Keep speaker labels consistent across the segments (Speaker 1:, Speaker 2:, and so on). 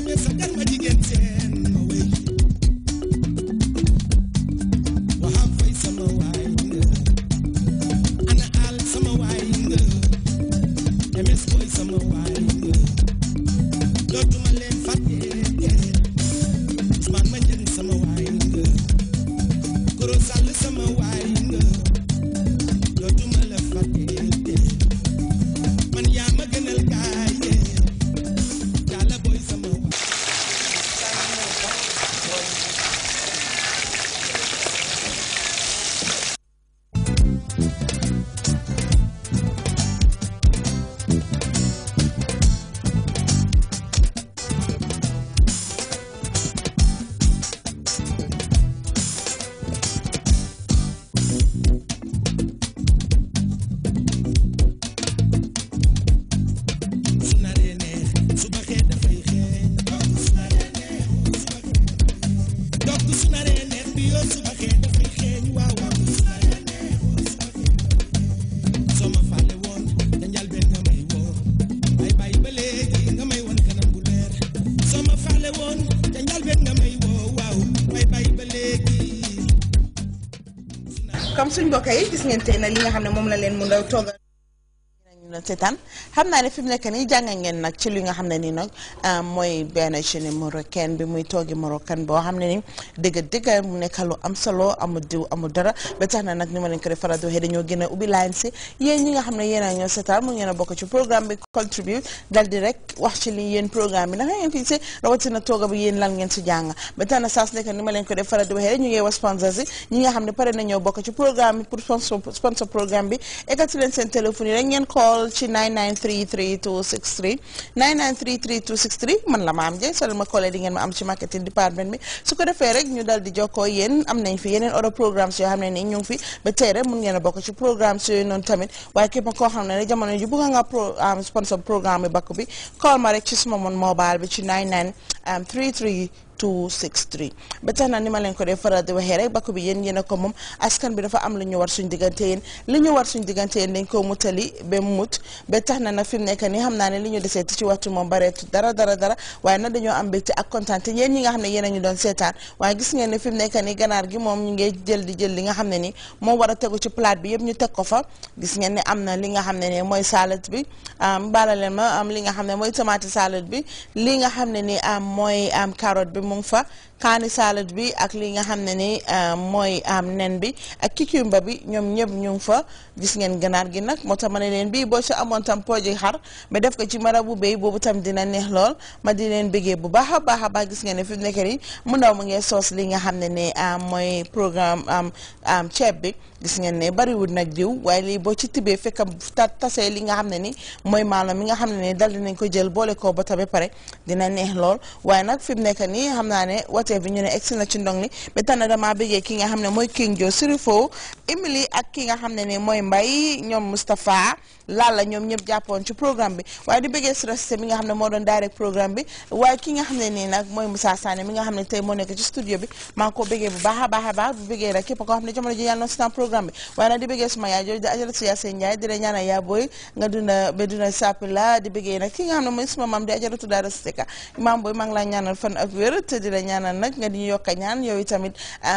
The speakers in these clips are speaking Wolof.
Speaker 1: summer wine.
Speaker 2: comme suñ mbokk yi gis ngeen tey li nga xam ne moom la leen mun a toggal ñu seetaan xam naa ne fi nekk nii jànga ngeen nag ci li nga xam ne nii nag euh, mooy benn jeune marocain bi muy toogi marocain a a ñoo seetaan a bi wax ci li yéen programme bi naka ngeen fi si rawatina tooga bi yéen lan ngeen si jàng ba tax na saa su nekk ni ma leen ko def faral di waxee ñu ngi wax sponsor si ñi nga xam ne pare nañoo bokk ci programme bi pour sponsor programme bi eggati leen seen téléphone yi rek ngeen call call ci 9933263 9933263 man la Mame Dieng soo leen ma callee di ngeen ma am ci marketing department bi su ko defee rek ñu dal di jokkoo yéen am nañ fi yeneen other programmes yoo xam ne nii ñu ngi fi ba tey rek mun ngeen a bokk ci programmes yooyu noonu tamit waaye képp koo xam ne ne jamono ji bëgg nga pro sponsor programme bi bakk bi call ma rek ci suma mon mobile bi ci 99 33 263 ba tax na ni ma leen ko dee faral di waxee rek bakku bi yéen yéen a ko moom askan bi dafa am lu war suñ diggante yéen li ñu war suñ diggante yéen dañ koo mutali ba mut ba tax na nag fi nekk nii xam ne li a doon seetaan waaye gis ngeen ne fi nekk nii ganaar gi moom ñu ngi jël di jël li nga xam ne ni moo war a bi am na ma am li nga xam ne mooy tomate salade bi li nga xam ne ni am mooy am carotte bi mu kaani salad bi ak li nga xam ne ni euh, mooy am nen bi ak kikumba bi ñoom ñëpp ñu fa gis ngeen ganaar gi nag moo tax ma ne leen bii boo ci amoon tam pooji xar ma def ko ci mara bu béy boobu tam dina neex lool ma di leen bëggee bu baax a baax a baax gis ngeen ne fi mu nekk nii mu ndaw mu ngee soos li nga xam ne ni euh, mooy programme am am ceeb bi gis ngeen ne bariwul nag diw waaye lii boo ci tibee fekka ta tasee li nga xam ne ni mooy maalo mi nga xam ne ni dal dinañ ko jël boole ko ba ta ba pare dina neex lool waaye nag fi nekk nii xam naa ne active bi ñu ne egsi na ci ndong li ba tax na dama bëggee ki nga xam ne King Jo Sirifo Emily ak ki nga xam ne ni mooy Mbay ñoom Moustapha Lalla ñoom ñëpp jàppoon ci programme bi waaye di bëggee stressé mi nga xam ne doon direct programme bi waaye ki nga xam ne nii nag mooy Moussa Sané mi nga xam ne tey moo nekk ci studio bi maa ngi ko bëggee bu baax a baax bu bëggee rek képp koo xam ne jamono ji yàlla na programme bi waaye nag di bëggee suma yaay jooju di ajal si Yacine Ndiaye di la ñaanal yaa booy nga duna ba duna sàppi la di bëggee nag ki nga xam ne suma maam di ajalatu daara Seka maam booy maa ngi laa ñaanal fan ak wér te di la ñaanal nag nga di ñu yokka ñaan yow itamit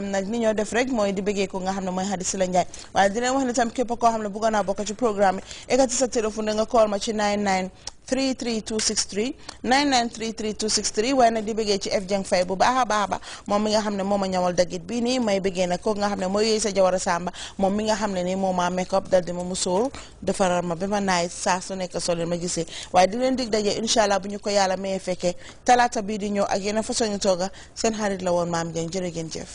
Speaker 2: nag ni ñoo def rek mooy di bëggee ko nga xam ne mooy Hadis la Njaay waaye di leen wax ne tam képp koo xam ne bëggoon naa bokk ci programme yi ekati sa téléphone nga call ma ci 99 33263 9933263 waaye nag di bëggee ci FJ Jeng Fay bu baax a baax moom mi nga xam ne moo ma ñawal dagit bi ni may bëggee nag nga xam ne mooy yooyu sa jawara Samba moom mi nga xam ne nii moo ma make up dal di ma musóor defaral ma ba ma su nekk soo ma gisee waaye di leen dig incha allah ko yàlla mayee fekkee talaata di ñëw ak yeneen façon ñu tooga seen xarit la woon maam Jeng jërë jëf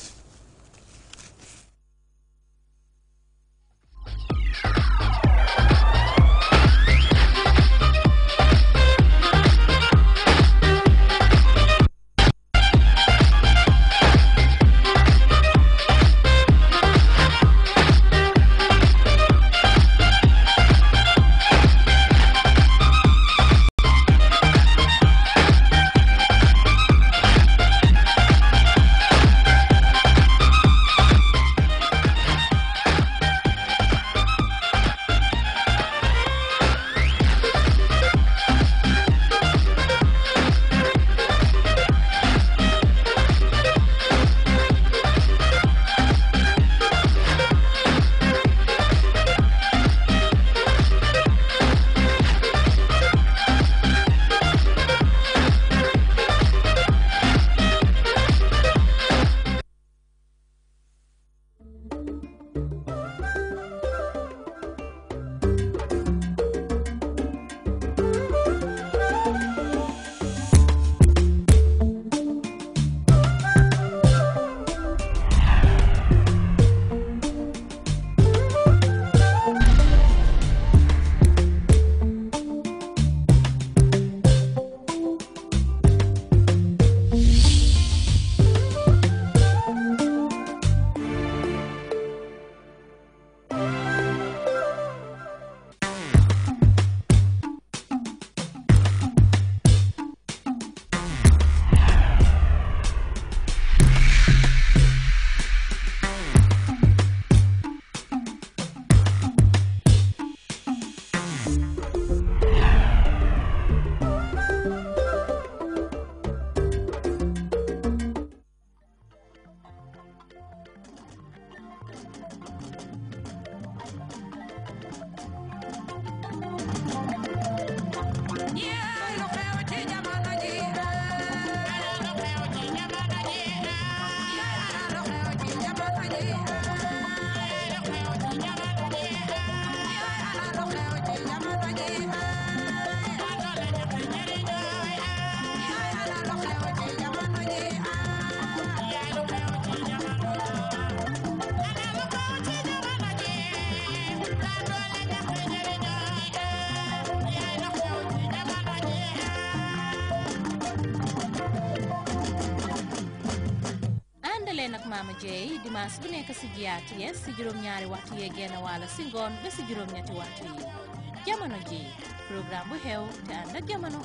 Speaker 2: maama jeey dimanche bu nekk si GRTS si juróom-ñaari waxtu yee genn wàll si ngoon ba si juróom-ñetti waxtu yi jamono ji programme bu xew te ànd ak jamono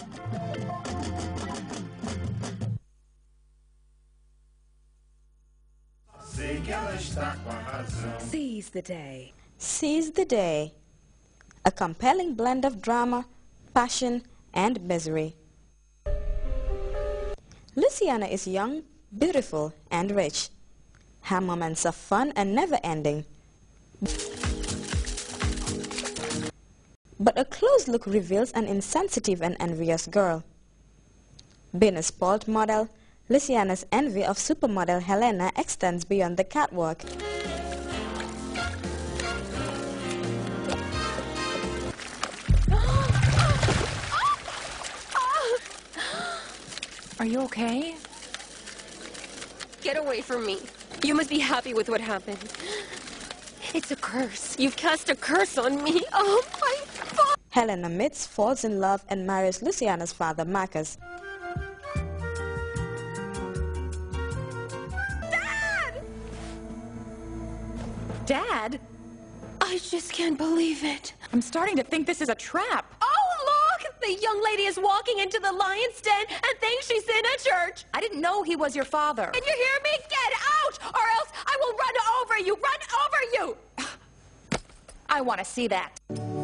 Speaker 2: Seize the day. Seize the day. A compelling blend of drama, passion, and misery. Luciana is young, beautiful, and rich. Her moments are fun and never-ending. But a close look reveals an insensitive and envious girl. Being a spoiled model, Luciana's envy of supermodel Helena extends beyond the catwalk.
Speaker 1: Are you okay? Get away from me. You must be happy with what happened. It's a curse. You've cast a curse on me.
Speaker 2: Oh, my God. Helena Mitz falls in love and marries Luciana's father, Marcus.
Speaker 1: Dad! Dad? I just can't believe it.
Speaker 2: I'm starting to think this is a trap
Speaker 1: the young lady is walking into the lion's den and thinks she's in a church.
Speaker 2: I didn't know he was your father.
Speaker 1: Can you hear me? Get out, or
Speaker 2: else I will run over you. Run over you. I want to see that.